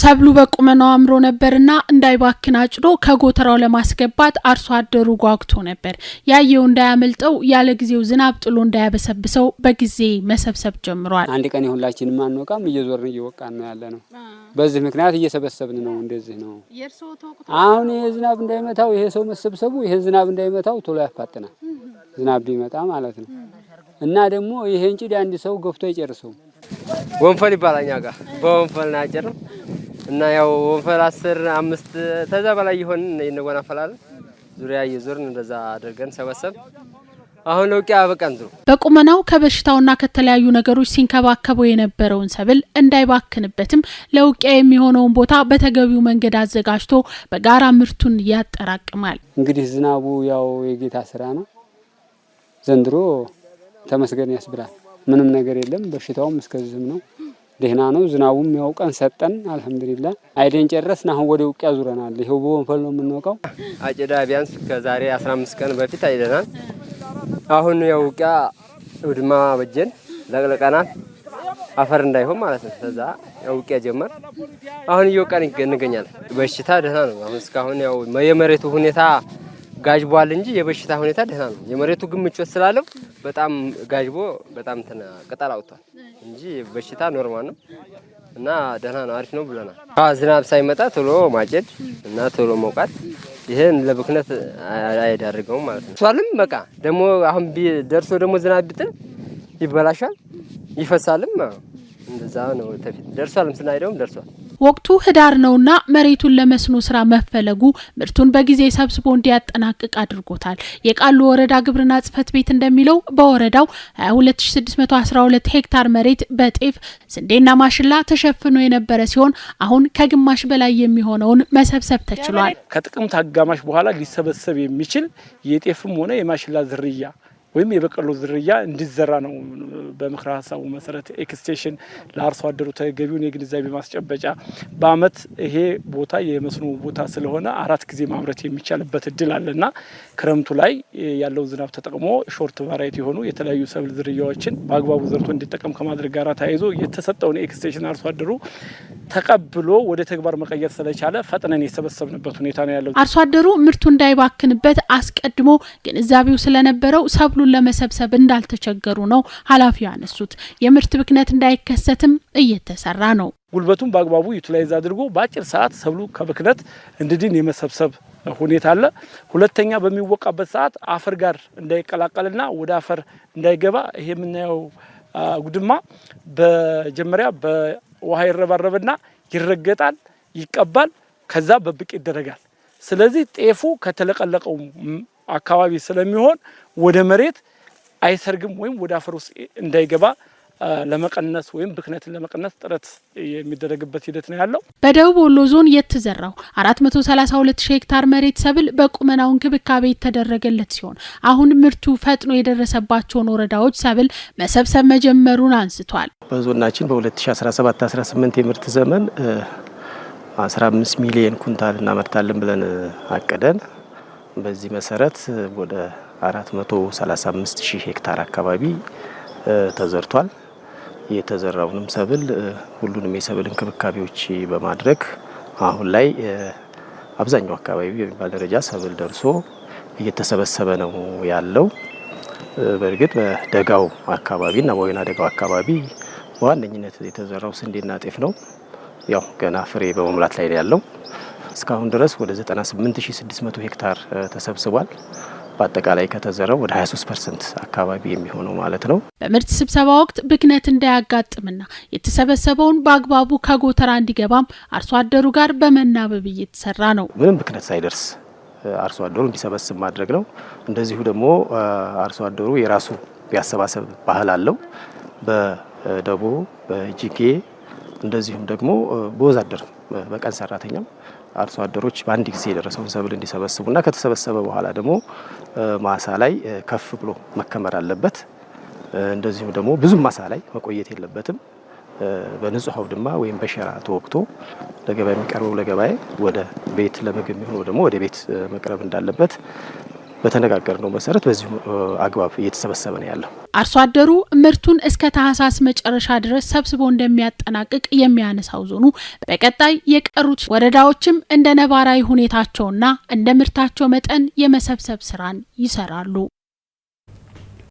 ሰብሉ በቁመናው አምሮ ነበርና እንዳይባክን አጭዶ ከጎተራው ለማስገባት አርሶ አደሩ ጓጉቶ ነበር። ያየው እንዳያመልጠው ያለ ጊዜው ዝናብ ጥሎ እንዳያበሰብሰው በጊዜ መሰብሰብ ጀምሯል። አንድ ቀን የሁላችንም አንወቃም፣ እየዞርን እየወቃን ነው ያለ ነው። በዚህ ምክንያት እየሰበሰብን ነው። እንደዚህ ነው። አሁን ይሄ ዝናብ እንዳይመታው ይሄ ሰው መሰብሰቡ ይሄ ዝናብ እንዳይመታው ቶሎ ያፋጥናል፣ ዝናብ ቢመጣ ማለት ነው። እና ደግሞ ይሄ እንጭድ አንድ ሰው ገፍቶ አይጨርሰውም። ወንፈል ይባላል እኛ ጋር በወንፈል ነው እና ያው ወንፈል አስር አምስት ተዛ በላይ ይሆን የነጎን ፈላል ዙሪያ እየዞርን እንደዛ አድርገን ሰበሰብ አሁን ለውቂያ ዝሩ በቁመናው ከበሽታውና ከተለያዩ ነገሮች ሲንከባከበው የነበረውን ሰብል እንዳይባክንበትም ለውቂያ የሚሆነውን ቦታ በተገቢው መንገድ አዘጋጅቶ በጋራ ምርቱን ያጠራቅማል። እንግዲህ ዝናቡ ያው የጌታ ስራ ነው። ዘንድሮ ተመስገን ያስብላል። ምንም ነገር የለም። በሽታውም እስከዚህም ነው። ደህና ነው። ዝናቡም ያውቀን ሰጠን አልሐምዱሊላ። አይደን ጨረስን። አሁን ወደ ውቅያ ዙረናል። ይኸው በወንፈል ነው የምንወቀው። አጭዳ ቢያንስ ከዛሬ 15 ቀን በፊት አይደናል። አሁን የውቅያ ውድማ በጀን ለቅለቀናል፣ አፈር እንዳይሆን ማለት ነው። ከዛ የውቅያ ጀመር። አሁን እየወቃን እንገኛለን። በሽታ ደህና ነው። አሁን እስካሁን ያው የመሬቱ ሁኔታ ጋጅቧል እንጂ የበሽታ ሁኔታ ደህና ነው። የመሬቱ ግን ምቾት ስላለው በጣም ጋጅቦ በጣም ቅጠል አውጥቷል እንጂ በሽታ ኖርማል ነው እና ደህና ነው፣ አሪፍ ነው ብለናል። ዝናብ ሳይመጣ ቶሎ ማጨድ እና ቶሎ መውቃት ይህን ለብክነት አይዳርገውም ማለት ነው። እሷልም በቃ ደግሞ አሁን ደርሶ ደግሞ ዝናብ ቢጥል ይበላሻል፣ ይፈሳልም። እንደዛ ነው። ተፊት ደርሷልም ስናይ ደግሞ ደርሷል። ወቅቱ ህዳር ነውና መሬቱን ለመስኖ ስራ መፈለጉ ምርቱን በጊዜ ሰብስቦ እንዲያጠናቅቅ አድርጎታል። የቃሉ ወረዳ ግብርና ጽፈት ቤት እንደሚለው በወረዳው 22612 ሄክታር መሬት በጤፍ ስንዴና ማሽላ ተሸፍኖ የነበረ ሲሆን አሁን ከግማሽ በላይ የሚሆነውን መሰብሰብ ተችሏል። ከጥቅምት አጋማሽ በኋላ ሊሰበሰብ የሚችል የጤፍም ሆነ የማሽላ ዝርያ ወይም የበቀሎ ዝርያ እንዲዘራ ነው በምክረ ሀሳቡ መሰረት ኤክስቴሽን ለአርሶ አደሩ ተገቢውን የግንዛቤ ማስጨበጫ በአመት ይሄ ቦታ የመስኖ ቦታ ስለሆነ አራት ጊዜ ማምረት የሚቻልበት እድል አለና ክረምቱ ላይ ያለው ዝናብ ተጠቅሞ ሾርት ቫራይት የሆኑ የተለያዩ ሰብል ዝርያዎችን በአግባቡ ዘርቶ እንዲጠቀም ከማድረግ ጋር ተያይዞ የተሰጠውን ኤክስቴሽን አርሶ አደሩ ተቀብሎ ወደ ተግባር መቀየር ስለቻለ ፈጥነን የሰበሰብንበት ሁኔታ ነው ያለው። አርሶ አደሩ ምርቱ እንዳይባክንበት አስቀድሞ ግንዛቤው ስለነበረው ሰብሉን ለመሰብሰብ እንዳልተቸገሩ ነው ኃላፊው ያነሱት። የምርት ብክነት እንዳይከሰትም እየተሰራ ነው። ጉልበቱን በአግባቡ ዩቲላይዝ አድርጎ በአጭር ሰዓት ሰብሉ ከብክነት እንድድን የመሰብሰብ ሁኔታ አለ። ሁለተኛ በሚወቃበት ሰዓት አፈር ጋር እንዳይቀላቀልና ወደ አፈር እንዳይገባ ይሄ የምናየው ጉድማ በመጀመሪያ ውሃ ይረባረብና ይረገጣል፣ ይቀባል፣ ከዛ በብቅ ይደረጋል። ስለዚህ ጤፉ ከተለቀለቀው አካባቢ ስለሚሆን ወደ መሬት አይሰርግም ወይም ወደ አፈር ውስጥ እንዳይገባ ለመቀነስ ወይም ብክነትን ለመቀነስ ጥረት የሚደረግበት ሂደት ነው ያለው። በደቡብ ወሎ ዞን የተዘራው 432 ሺህ ሄክታር መሬት ሰብል በቁመናው እንክብካቤ የተደረገለት ሲሆን አሁን ምርቱ ፈጥኖ የደረሰባቸውን ወረዳዎች ሰብል መሰብሰብ መጀመሩን አንስቷል። በዞናችን በ2017/18 የምርት ዘመን 15 ሚሊየን ኩንታል እናመርታለን ብለን አቅደን በዚህ መሰረት ወደ 435 ሺህ ሄክታር አካባቢ ተዘርቷል። የተዘራውንም ሰብል ሁሉንም የሰብል እንክብካቤዎች በማድረግ አሁን ላይ አብዛኛው አካባቢ በሚባል ደረጃ ሰብል ደርሶ እየተሰበሰበ ነው ያለው። በእርግጥ በደጋው አካባቢና በወይና ደጋው አካባቢ በዋነኝነት የተዘራው ስንዴና ጤፍ ነው። ያው ገና ፍሬ በመሙላት ላይ ነው ያለው። እስካሁን ድረስ ወደ 98600 ሄክታር ተሰብስቧል። በአጠቃላይ ከተዘረው ወደ 23 ፐርሰንት አካባቢ የሚሆነው ማለት ነው። በምርት ስብሰባ ወቅት ብክነት እንዳያጋጥምና የተሰበሰበውን በአግባቡ ከጎተራ እንዲገባም አርሶ አደሩ ጋር በመናበብ እየተሰራ ነው። ምንም ብክነት ሳይደርስ አርሶ አደሩ እንዲሰበስብ ማድረግ ነው። እንደዚሁ ደግሞ አርሶ አደሩ የራሱ ያሰባሰብ ባህል አለው። በደቦ በእጅጌ እንደዚሁም ደግሞ አደር በቀን ሰራተኛም አርሶ አደሮች በአንድ ጊዜ የደረሰውን ሰብል ና ከተሰበሰበ በኋላ ደግሞ ማሳ ላይ ከፍ ብሎ መከመር አለበት። እንደዚሁም ደግሞ ብዙ ማሳ ላይ መቆየት የለበትም። በንጹህ አውድማ ወይም በሸራ ተወቅቶ ለገበያ የሚቀርበው ለገበያ ወደ ቤት ለምግብ የሚሆነው ደግሞ ወደ ቤት መቅረብ እንዳለበት ነው መሰረት በዚሁ አግባብ እየተሰበሰበ ነው ያለው። አርሶ አደሩ ምርቱን እስከ ታህሳስ መጨረሻ ድረስ ሰብስቦ እንደሚያጠናቅቅ የሚያነሳው ዞኑ በቀጣይ የቀሩት ወረዳዎችም እንደ ነባራዊ ሁኔታቸውና እንደ ምርታቸው መጠን የመሰብሰብ ስራን ይሰራሉ።